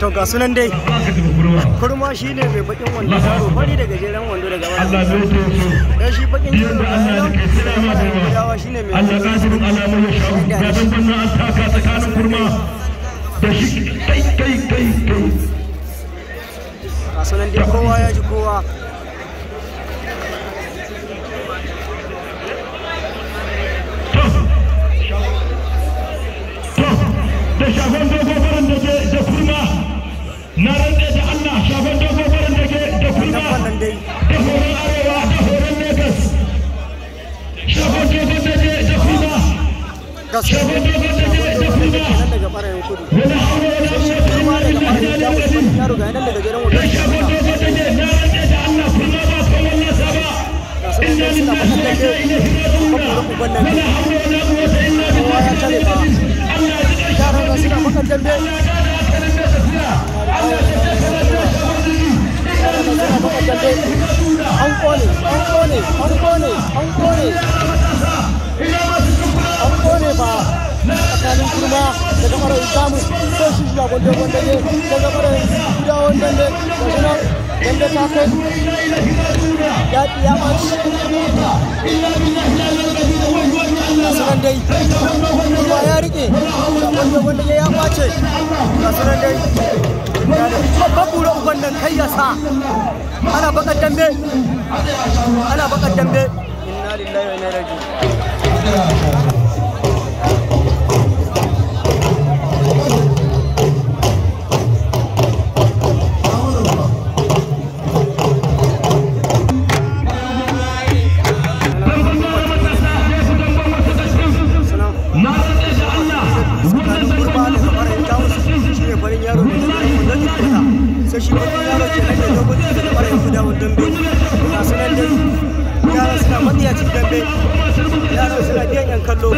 to ga sunan dai kurma shi ne mai bakin wando yaro fari da gajeren wando daga wani dan shi bakin jini da nan yawa shi ne mai Allah ka shi da banban da shi kai kai kai kai ya ji kowa za nan daga kudu ya daga gidan an kone an kone an kone an kone kafa tsakanin kurma daga ɓarayin jamus sai shi shiga gwandon gwandage daga ɓarayin gudawan dande da shi nan dande ta kai ya ya ɓaci gasunan dai kurma ya riƙe gwandon gwandage ya ɓace gasunan dai babban bura uban nan kai ya sa ana bakan dambe ana bakan dambe inna lillahi wa inna ilaihi dambe ga su nan dai yara suna dambe yara suna biyan yan kallo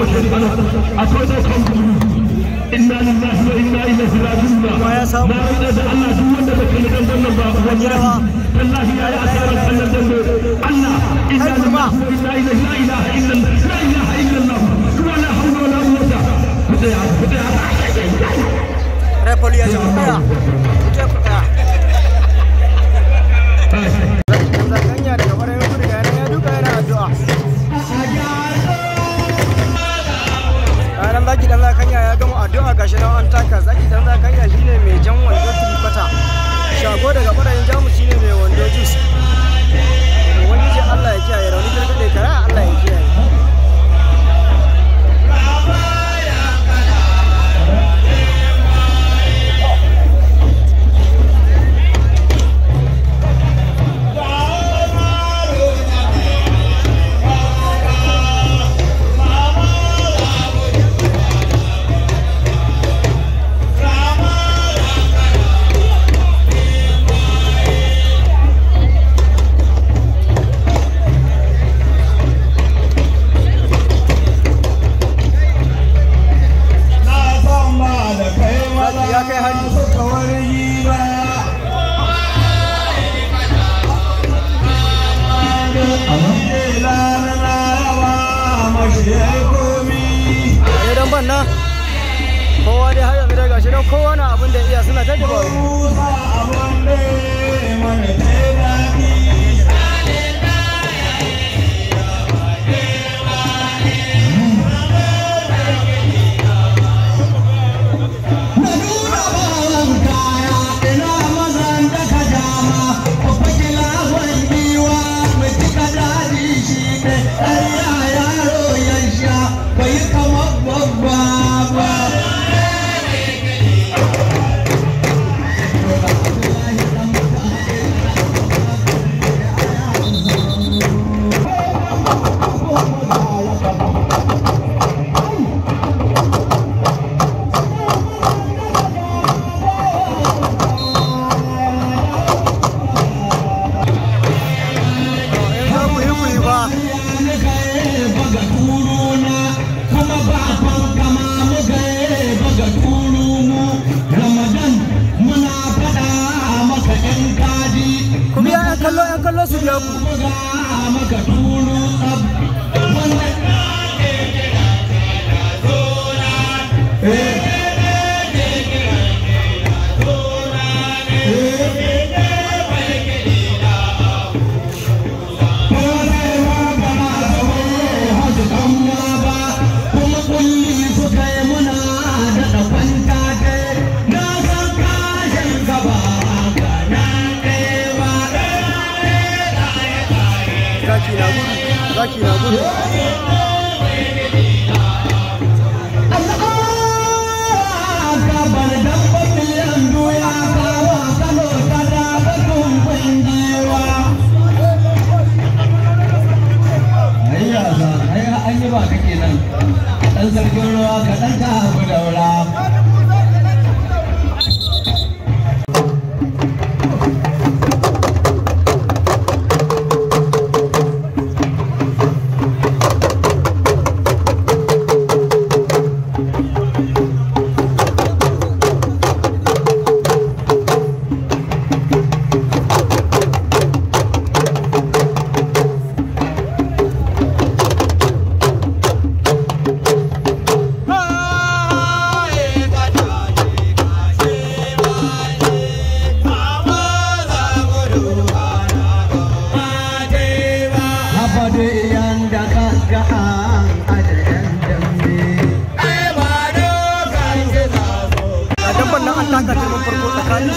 akwai daukan gudu inna lillahi wa da Allah duk dan kafa gashi nan an taka zaki dan zakariya mai jan wando tripata shago daga kwarayin jamu shine mai wando juice wani ji Allah ya kiyaye rauni kirkade kara Allah ya kiyaye kowane abin da iya suna ta dabaru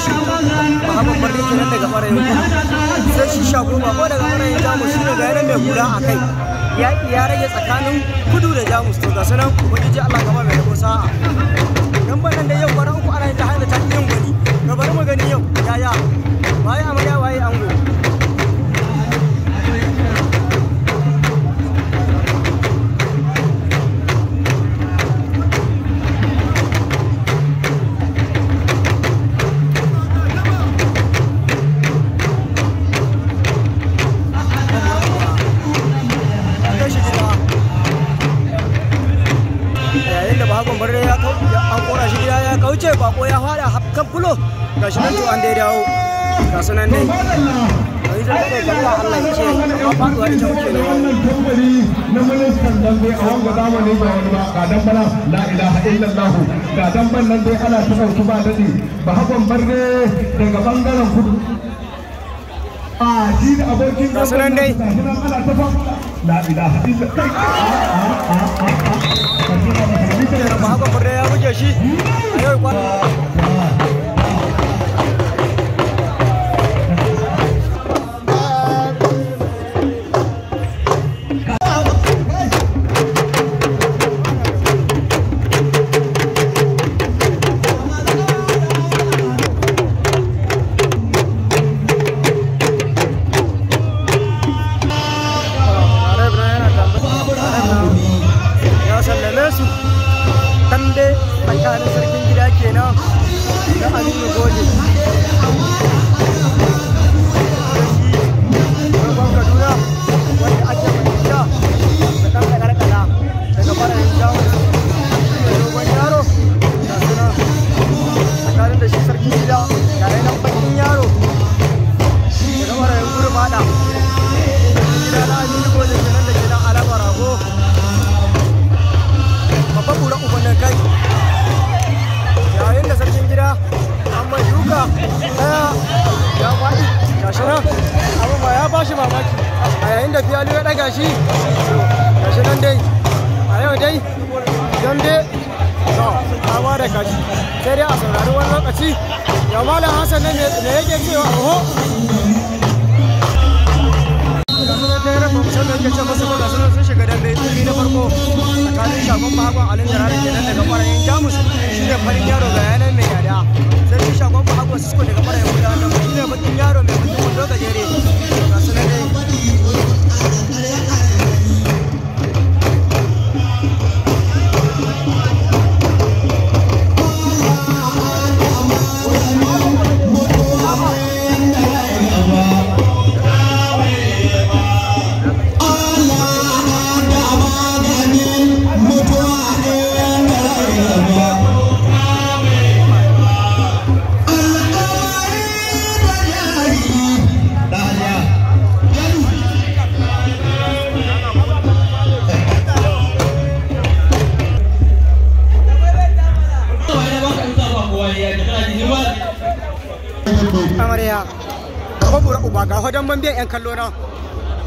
shi daga ɓarayin kudu sai shi shago bako daga ɓarayin jamus shi ne ga mai hula a kai yaƙi ya rage tsakanin kudu da jamus to ga sanan ubangiji allah gaba mai rabo sa'a dan da yau kwana uku ana yin ta hanyar ta yin gwani ga bari mu gani yau yaya wuce bako ya fada hakan kulo ga shi nan to an dai dawo ga su nan dai a yi zarga Allah ya ce amma faduwa ita wuce ne na ministan dambe a wanga zamani ba wani ba ga dan bala la ilaha illallah ga dan nan dai ana ta dauki ba dadi ba hakan barne daga bangaren kudu a shi da abokin gasu nan dai ya buge shi fama da kashi sai dai a saurari wani lokaci Ya malam hassan ne me yake cewa oho na farko tsakanin shagon bahagon alin da yaro ne bakin yaro miliyan 'yan kallo na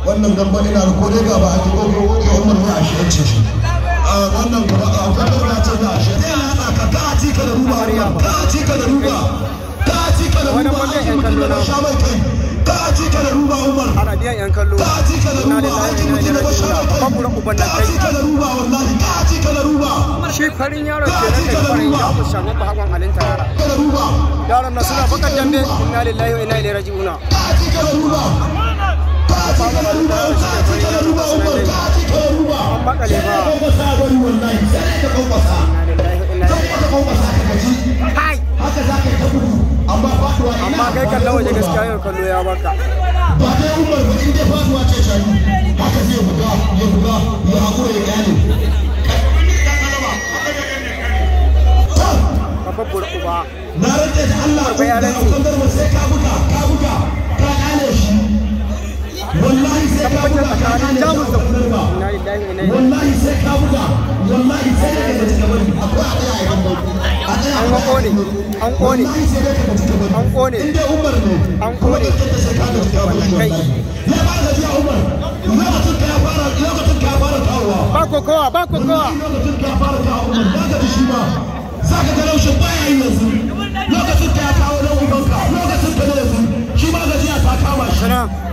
wannan gamba ina da kodai ga ba a ji gobe wani wannan ne a shi ce shi a wannan gaba a wannan gaba ce na shi ta yana haka ka a ka da ruba ka a ka da ruba ka a ka da ruba a yi mutum da sha mai kai ka a ka da ruba umar ana biyan yan kallo ka a ka da ruba a ci ka da ruba sha mai kai ka rabu ban da kai ka a cika da ruba wallahi ka a ka da ruba shi farin yaro ke nan da farin ya mu shago ba hakan halin tarara yaron na suna bakar dambe inna lillahi wa inna ilaihi raji'una ka a ka da ruba kallo ya baka ba dai umar ba in dai fasuwa ce shayi haka zai buga ya buga ya hakura ya gane na rage da Allah kun da kan sai ka buga ka buga ka gane shi wallahi sai ka buga ka ne ne jamus da kudurka wallahi sai ka buga wallahi sai ka ga cika bari akwai a tsaya kan bauku an kone an kone an kone inda umar ne an kone ta sai ka ga cika bari wallahi ya ba ka jiya umar lokacin ka ya fara lokacin ka ya fara tawowa ba kokowa ba kokowa lokacin ka ya fara tawowa ba ka ji shi ba za ka ga laushin baya yi yanzu lokacin ka ya kawo dan lokacin ka ne yanzu shi ma gajiya ta kama shi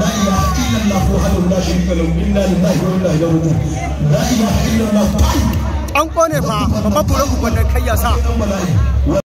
لا اله الا الله وحده لا شريك له انا لله وانا اليه راجعون لا اله الا الله an kone fa babban buran gubernatan kai ya sa